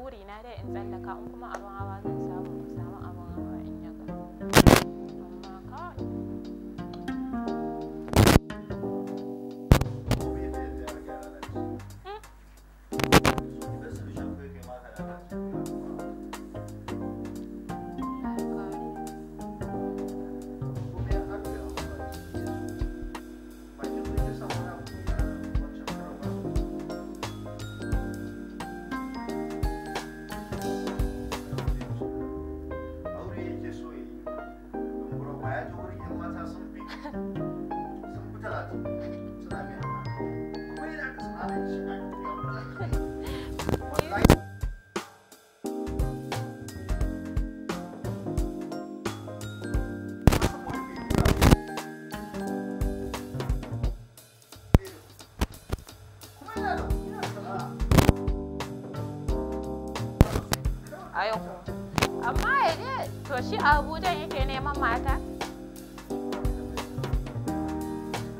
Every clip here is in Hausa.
buri na dai in tsallaka in kuma abin hawa zan samu Ayo, amma ya to shi abuja yake neman mata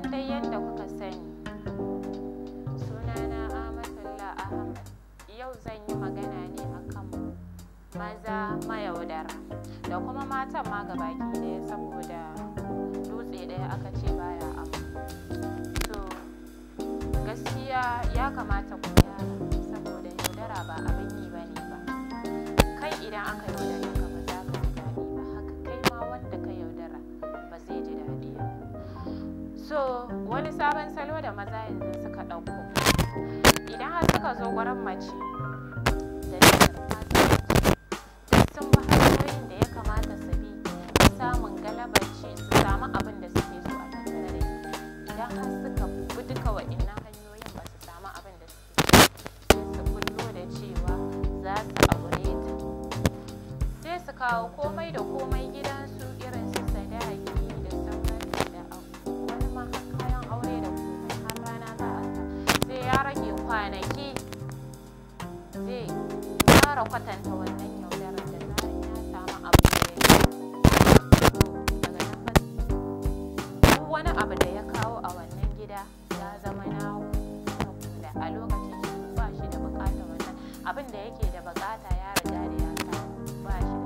kamar dai yadda kuka sani sunana Ahmadullah Ahmad yau zan yi magana ne akan maza mayaudara da kuma matan ma baki ɗaya saboda dutse ɗaya aka ce baya abu to gaskiya ya kamata ku gyara saboda yaudara ba abin yi bane ba kai idan aka yaudara wani sabon salo da maza yanzu suka ɗauko idan har suka zo gurin mace da duk sun ba hanyoyin da ya kamata su bi samun galabaci su samu abin da suke so a tattare idan har suka bi duka wa'innan hanyoyin ba su samu abin da suke sai su kullo da cewa za su aure ta sai su kawo komai da komai gidansu irin su ƙara kwatanta wannan yaudarar da zarar ya samu abu da ya daga nan fa duk wani abu da ya kawo a wannan gida ya zama na kula a lokacin shi ba shi da buƙatar wannan abin da yake da buƙata ya riga da ya samu ba shi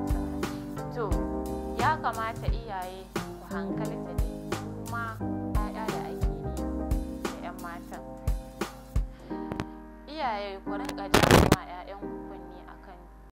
da sauran to ya kamata iyaye eh. ku hankali ta ne kuma ya'ya da ake ne da 'yan matan iyaye ku rinka jawo ma 'ya'yan kunni a